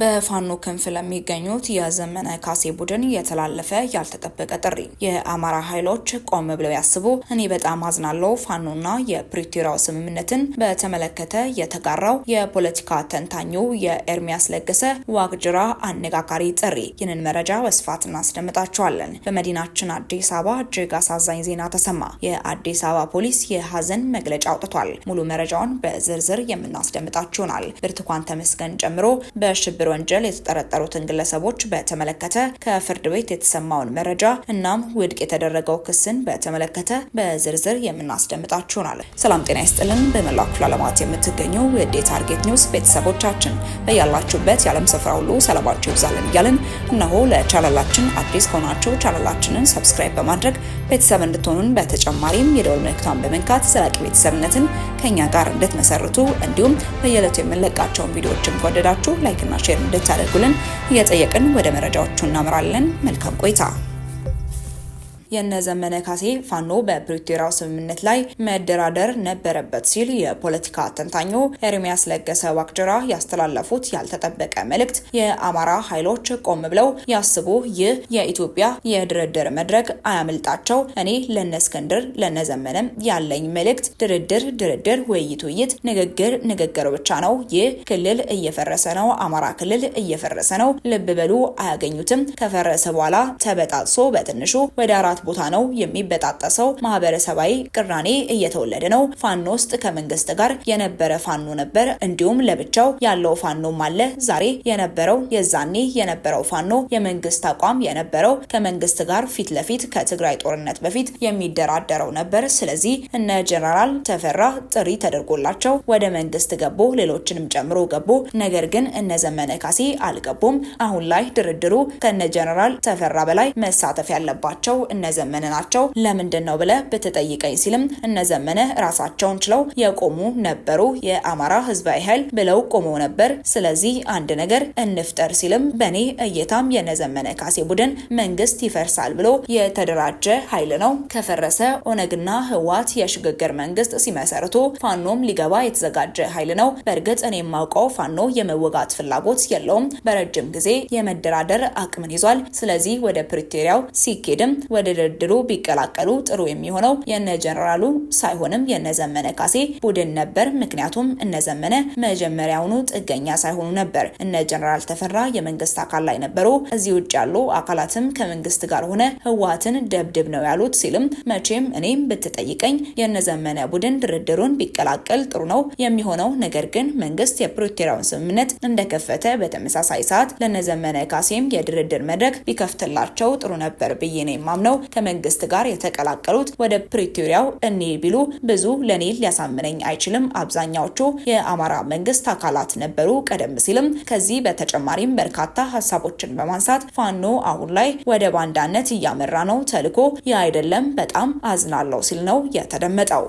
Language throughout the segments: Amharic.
በፋኖ ክንፍ ለሚገኙት የዘመነ ካሴ ቡድን የተላለፈ ያልተጠበቀ ጥሪ። የአማራ ኃይሎች ቆም ብለው ያስቡ። እኔ በጣም አዝናለው። ፋኖና የፕሪቶሪያው ስምምነትን በተመለከተ የተጋራው የፖለቲካ ተንታኙ የኤርሚያስ ለገሰ ዋግጅራ አነጋጋሪ ጥሪ። ይህንን መረጃ በስፋት እናስደምጣቸዋለን። በመዲናችን አዲስ አበባ እጅግ አሳዛኝ ዜና ተሰማ። የአዲስ አበባ ፖሊስ የሀዘን መግለጫ አውጥቷል። ሙሉ መረጃውን በዝርዝር የምናስደምጣችሁናል። ብርቱካን ተመስገን ጨምሮ በሽብር በሽብር ወንጀል የተጠረጠሩትን ግለሰቦች በተመለከተ ከፍርድ ቤት የተሰማውን መረጃ እናም ውድቅ የተደረገው ክስን በተመለከተ በዝርዝር የምናስደምጣችሁ ይሆናል። ሰላም ጤና ይስጥልን። በመላው ክፍለ ዓለማት የምትገኙ የዴ ታርጌት ኒውስ ቤተሰቦቻችን በያላችሁበት የዓለም ስፍራ ሁሉ ሰላማችሁ ይብዛልን እያልን እነሆ ለቻናላችን አዲስ ከሆናችሁ ቻናላችንን ሰብስክራይብ በማድረግ ቤተሰብ እንድትሆኑን በተጨማሪም የደወል ምልክቷን በመንካት ዘላቂ ቤተሰብነትን ከእኛ ጋር እንድትመሰርቱ እንዲሁም በየዕለቱ የምንለቃቸውን ቪዲዮዎችን ከወደዳችሁ ላይክና ሼር እንድታደርጉልን እየጠየቅን ወደ መረጃዎቹ እናምራለን። መልካም ቆይታ የነዘመነ ካሴ ፋኖ በፕሪቶሪያው ስምምነት ላይ መደራደር ነበረበት ሲል የፖለቲካ ተንታኙ ኤርሚያስ ለገሰ ዋቅጅራ ያስተላለፉት ያልተጠበቀ መልእክት የአማራ ኃይሎች ቆም ብለው ያስቡ፣ ይህ የኢትዮጵያ የድርድር መድረክ አያምልጣቸው። እኔ ለነ እስክንድር ለነዘመነም ያለኝ መልእክት ድርድር ድርድር፣ ውይይት ውይይት፣ ንግግር ንግግር ብቻ ነው። ይህ ክልል እየፈረሰ ነው። አማራ ክልል እየፈረሰ ነው። ልብ በሉ፣ አያገኙትም። ከፈረሰ በኋላ ተበጣጥሶ በትንሹ ወደ አራት በስርዓት ቦታ ነው የሚበጣጠሰው፣ ማህበረሰባዊ ቅራኔ እየተወለደ ነው። ፋኖ ውስጥ ከመንግስት ጋር የነበረ ፋኖ ነበር፣ እንዲሁም ለብቻው ያለው ፋኖም አለ። ዛሬ የነበረው የዛኔ የነበረው ፋኖ የመንግስት አቋም የነበረው ከመንግስት ጋር ፊት ለፊት ከትግራይ ጦርነት በፊት የሚደራደረው ነበር። ስለዚህ እነ ጀነራል ተፈራ ጥሪ ተደርጎላቸው ወደ መንግስት ገቡ፣ ሌሎችንም ጨምሮ ገቡ። ነገር ግን እነ ዘመነ ካሴ አልገቡም። አሁን ላይ ድርድሩ ከነ ጀነራል ተፈራ በላይ መሳተፍ ያለባቸው እነ እነዘመነ ናቸው ለምንድን ነው ብለህ ብትጠይቀኝ ሲልም እነዘመነ ራሳቸውን ችለው የቆሙ ነበሩ። የአማራ ህዝባዊ ኃይል ብለው ቆመው ነበር። ስለዚህ አንድ ነገር እንፍጠር ሲልም በእኔ እይታም የነዘመነ ካሴ ቡድን መንግስት ይፈርሳል ብሎ የተደራጀ ኃይል ነው። ከፈረሰ ኦነግና ህዋት የሽግግር መንግስት ሲመሰርቱ ፋኖም ሊገባ የተዘጋጀ ኃይል ነው። በእርግጥ እኔ የማውቀው ፋኖ የመወጋት ፍላጎት የለውም። በረጅም ጊዜ የመደራደር አቅምን ይዟል። ስለዚህ ወደ ፕሪቶሪያው ሲኬድም ወደ ድርድሩ ቢቀላቀሉ ጥሩ የሚሆነው የነ ጀነራሉ ሳይሆንም የነ ዘመነ ካሴ ቡድን ነበር። ምክንያቱም እነ ዘመነ መጀመሪያውኑ ጥገኛ ሳይሆኑ ነበር። እነ ጀነራል ተፈራ የመንግስት አካል ላይ ነበሩ። እዚህ ውጭ ያሉ አካላትም ከመንግስት ጋር ሆነ ህወሓትን ደብድብ ነው ያሉት ሲልም መቼም እኔም ብትጠይቀኝ የነ ዘመነ ቡድን ድርድሩን ቢቀላቀል ጥሩ ነው የሚሆነው። ነገር ግን መንግስት የፕሪቶሪያውን ስምምነት እንደከፈተ በተመሳሳይ ሰዓት ለነ ዘመነ ካሴም የድርድር መድረክ ቢከፍትላቸው ጥሩ ነበር ብዬ ነው የማምነው። ከመንግስት ጋር የተቀላቀሉት ወደ ፕሪቶሪያው እኔ ቢሉ ብዙ ለእኔ ሊያሳምነኝ አይችልም። አብዛኛዎቹ የአማራ መንግስት አካላት ነበሩ። ቀደም ሲልም ከዚህ በተጨማሪም በርካታ ሀሳቦችን በማንሳት ፋኖ አሁን ላይ ወደ ባንዳነት እያመራ ነው፣ ተልኮ የአይደለም አይደለም፣ በጣም አዝናለው ሲል ነው የተደመጠው።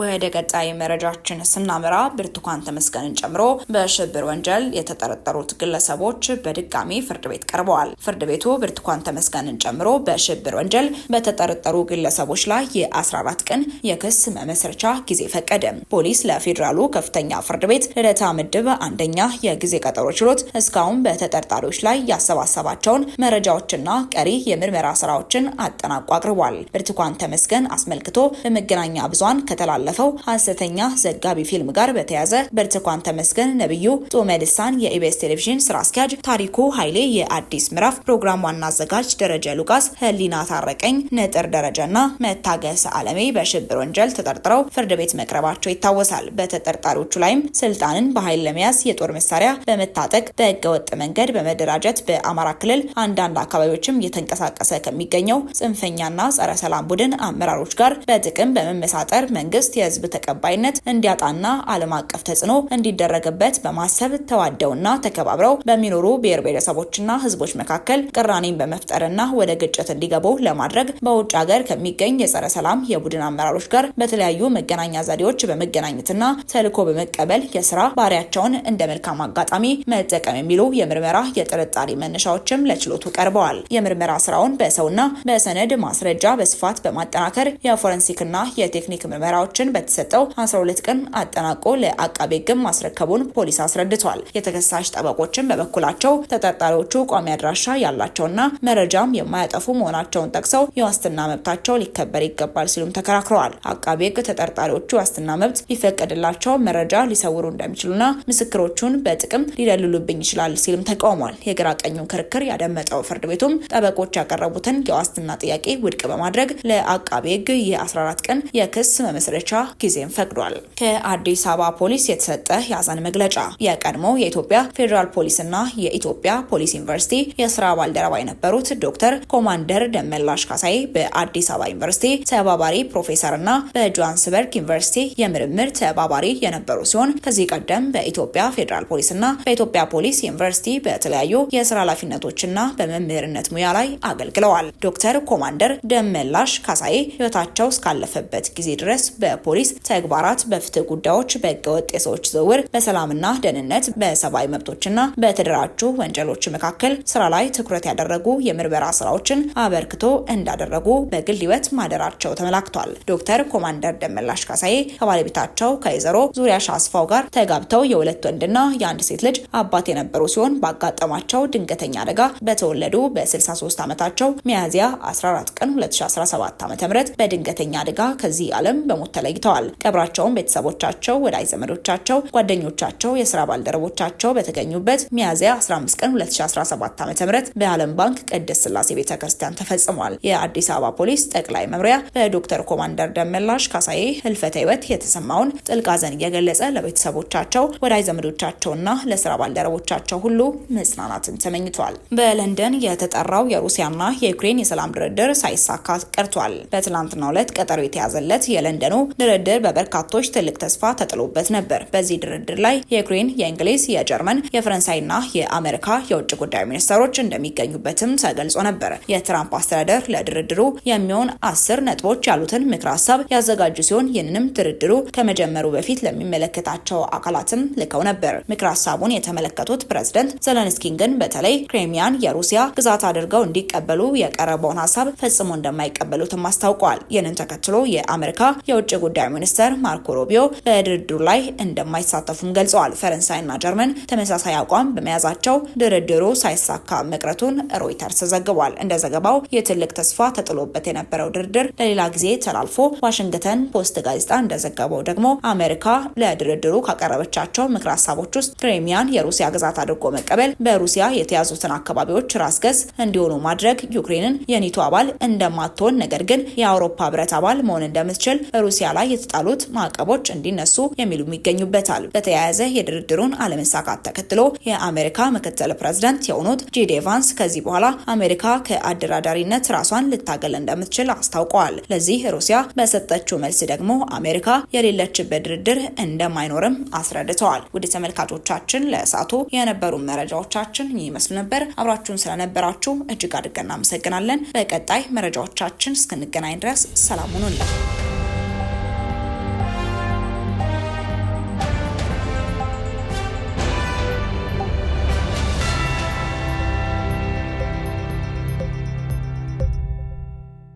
ወደ ቀጣይ መረጃችን ስናምራ ብርቱካን ተመስገንን ጨምሮ በሽብር ወንጀል የተጠረጠሩት ግለሰቦች በድጋሚ ፍርድ ቤት ቀርበዋል። ፍርድ ቤቱ ብርቱካን ተመስገንን ጨምሮ በሽብር ወንጀል በተጠረጠሩ ግለሰቦች ላይ የ14 ቀን የክስ መመስረቻ ጊዜ ፈቀደ። ፖሊስ ለፌዴራሉ ከፍተኛ ፍርድ ቤት ልደታ ምድብ አንደኛ የጊዜ ቀጠሮ ችሎት እስካሁን በተጠርጣሪዎች ላይ ያሰባሰባቸውን መረጃዎችና ቀሪ የምርመራ ስራዎችን አጠናቆ አቅርቧል። ብርቱካን ተመስገን አስመልክቶ በመገናኛ ብዙሃን ከተላ ከተላለፈው ሀሰተኛ ዘጋቢ ፊልም ጋር በተያዘ ብርቱካን ተመስገን፣ ነብዩ ጾመ ልሳን የኢቢኤስ ቴሌቪዥን ስራ አስኪያጅ፣ ታሪኩ ኃይሌ የአዲስ ምዕራፍ ፕሮግራም ዋና አዘጋጅ፣ ደረጀ ሉቃስ፣ ህሊና ታረቀኝ፣ ንጥር ደረጃና መታገስ አለሜ በሽብር ወንጀል ተጠርጥረው ፍርድ ቤት መቅረባቸው ይታወሳል። በተጠርጣሪዎቹ ላይም ስልጣንን በኃይል ለመያዝ የጦር መሳሪያ በመታጠቅ በህገወጥ መንገድ በመደራጀት በአማራ ክልል አንዳንድ አካባቢዎችም እየተንቀሳቀሰ ከሚገኘው ጽንፈኛና ጸረ ሰላም ቡድን አመራሮች ጋር በጥቅም በመመሳጠር መንግስት መንግስት የህዝብ ተቀባይነት እንዲያጣና ዓለም አቀፍ ተጽዕኖ እንዲደረግበት በማሰብ ተዋደውና ተከባብረው በሚኖሩ ብሔር ብሔረሰቦችና ህዝቦች መካከል ቅራኔን በመፍጠርና ወደ ግጭት እንዲገቡ ለማድረግ በውጭ ሀገር ከሚገኝ የጸረ ሰላም የቡድን አመራሮች ጋር በተለያዩ መገናኛ ዘዴዎች በመገናኘትና ተልዕኮ በመቀበል የስራ ባህሪያቸውን እንደ መልካም አጋጣሚ መጠቀም የሚሉ የምርመራ የጥርጣሬ መነሻዎችም ለችሎቱ ቀርበዋል። የምርመራ ስራውን በሰውና በሰነድ ማስረጃ በስፋት በማጠናከር የፎረንሲክና የቴክኒክ ምርመራዎችን ኮሚሽን በተሰጠው 12 ቀን አጠናቆ ለአቃቤ ሕግ ማስረከቡን ፖሊስ አስረድቷል። የተከሳሽ ጠበቆችን በበኩላቸው ተጠርጣሪዎቹ ቋሚ አድራሻ ያላቸውና መረጃም የማያጠፉ መሆናቸውን ጠቅሰው የዋስትና መብታቸው ሊከበር ይገባል ሲሉም ተከራክረዋል። አቃቤ ሕግ ተጠርጣሪዎቹ ዋስትና መብት ቢፈቀድላቸው መረጃ ሊሰውሩ እንደሚችሉና ምስክሮቹን በጥቅም ሊደልሉብኝ ይችላል ሲልም ተቃውሟል። የግራ ቀኙን ክርክር ያደመጠው ፍርድ ቤቱም ጠበቆች ያቀረቡትን የዋስትና ጥያቄ ውድቅ በማድረግ ለአቃቤ ሕግ የ14 ቀን የክስ መመስረቻ ጊዜም ፈቅዷል። ከአዲስ አበባ ፖሊስ የተሰጠ የሀዘን መግለጫ የቀድሞ የኢትዮጵያ ፌዴራል ፖሊስና የኢትዮጵያ ፖሊስ ዩኒቨርሲቲ የስራ ባልደረባ የነበሩት ዶክተር ኮማንደር ደመላሽ ካሳይ በአዲስ አበባ ዩኒቨርሲቲ ተባባሪ ፕሮፌሰርና በጆሃንስበርግ ዩኒቨርሲቲ የምርምር ተባባሪ የነበሩ ሲሆን ከዚህ ቀደም በኢትዮጵያ ፌዴራል ፖሊስና በኢትዮጵያ ፖሊስ ዩኒቨርሲቲ በተለያዩ የስራ ኃላፊነቶችና በመምህርነት ሙያ ላይ አገልግለዋል። ዶክተር ኮማንደር ደመላሽ ካሳይ ህይወታቸው እስካለፈበት ጊዜ ድረስ በ ፖሊስ ተግባራት በፍትህ ጉዳዮች፣ በህገወጥ የሰዎች ዝውውር፣ በሰላምና ደህንነት፣ በሰብአዊ መብቶችና በተደራጁ ወንጀሎች መካከል ስራ ላይ ትኩረት ያደረጉ የምርመራ ስራዎችን አበርክቶ እንዳደረጉ በግል ህይወት ማደራቸው ተመላክቷል። ዶክተር ኮማንደር ደመላሽ ካሳዬ ከባለቤታቸው ከወይዘሮ ዙሪያ ሻስፋው ጋር ተጋብተው የሁለት ወንድና የአንድ ሴት ልጅ አባት የነበሩ ሲሆን ባጋጠማቸው ድንገተኛ አደጋ በተወለዱ በ63 ዓመታቸው ሚያዝያ 14 ቀን 2017 ዓ.ም በድንገተኛ አደጋ ከዚህ ዓለም በሞት ተለይተዋል። ቀብራቸውን ቤተሰቦቻቸው፣ ወዳጅ ዘመዶቻቸው፣ ጓደኞቻቸው፣ የስራ ባልደረቦቻቸው በተገኙበት ሚያዝያ 15 ቀን 2017 ዓ.ም በዓለም ባንክ ቅድስት ስላሴ ቤተ ክርስቲያን ተፈጽሟል። የአዲስ አበባ ፖሊስ ጠቅላይ መምሪያ በዶክተር ኮማንደር ደመላሽ ካሳዬ ህልፈተ ህይወት የተሰማውን ጥልቅ ሐዘን እየገለጸ ለቤተሰቦቻቸው፣ ወዳጅ ዘመዶቻቸውና ለስራ ባልደረቦቻቸው ሁሉ መጽናናትን ተመኝቷል። በለንደን የተጠራው የሩሲያና የዩክሬን የሰላም ድርድር ሳይሳካ ቀርቷል። በትናንትናው ዕለት ቀጠሮ የተያዘለት የለንደኑ ድርድር በበርካቶች ትልቅ ተስፋ ተጥሎበት ነበር። በዚህ ድርድር ላይ የዩክሬን፣ የእንግሊዝ፣ የጀርመን፣ የፈረንሳይና የአሜሪካ የውጭ ጉዳይ ሚኒስትሮች እንደሚገኙበትም ተገልጾ ነበር። የትራምፕ አስተዳደር ለድርድሩ የሚሆን አስር ነጥቦች ያሉትን ምክር ሀሳብ ያዘጋጁ ሲሆን ይህንንም ድርድሩ ከመጀመሩ በፊት ለሚመለከታቸው አካላትም ልከው ነበር። ምክር ሀሳቡን የተመለከቱት ፕሬዝደንት ዘለንስኪን ግን በተለይ ክሬሚያን የሩሲያ ግዛት አድርገው እንዲቀበሉ የቀረበውን ሀሳብ ፈጽሞ እንደማይቀበሉትም አስታውቀዋል። ይህንን ተከትሎ የአሜሪካ የውጭ ጉዳይ ሚኒስትር ማርኮ ሮቢዮ በድርድሩ ላይ እንደማይሳተፉም ገልጸዋል። ፈረንሳይና ጀርመን ተመሳሳይ አቋም በመያዛቸው ድርድሩ ሳይሳካ መቅረቱን ሮይተርስ ዘግቧል። እንደ ዘገባው የትልቅ ተስፋ ተጥሎበት የነበረው ድርድር ለሌላ ጊዜ ተላልፎ ዋሽንግተን ፖስት ጋዜጣ እንደዘገበው ደግሞ አሜሪካ ለድርድሩ ካቀረበቻቸው ምክር ሀሳቦች ውስጥ ክሬሚያን የሩሲያ ግዛት አድርጎ መቀበል፣ በሩሲያ የተያዙትን አካባቢዎች ራስ ገዝ እንዲሆኑ ማድረግ፣ ዩክሬንን የኒቶ አባል እንደማትሆን ነገር ግን የአውሮፓ ህብረት አባል መሆን እንደምትችል ሩሲያ ላይ ላይ የተጣሉት ማዕቀቦች እንዲነሱ የሚሉም ይገኙበታል። በተያያዘ የድርድሩን አለመሳካት ተከትሎ የአሜሪካ ምክትል ፕሬዝዳንት የሆኑት ጄዲ ቫንስ ከዚህ በኋላ አሜሪካ ከአደራዳሪነት ራሷን ልታገል እንደምትችል አስታውቀዋል። ለዚህ ሩሲያ በሰጠችው መልስ ደግሞ አሜሪካ የሌለችበት ድርድር እንደማይኖርም አስረድተዋል። ውድ ተመልካቾቻችን ለእሳቱ የነበሩ መረጃዎቻችን ይመስሉ ነበር። አብራችሁን ስለነበራችሁ እጅግ አድርገን እናመሰግናለን። በቀጣይ መረጃዎቻችን እስክንገናኝ ድረስ ሰላም ሁኑልን።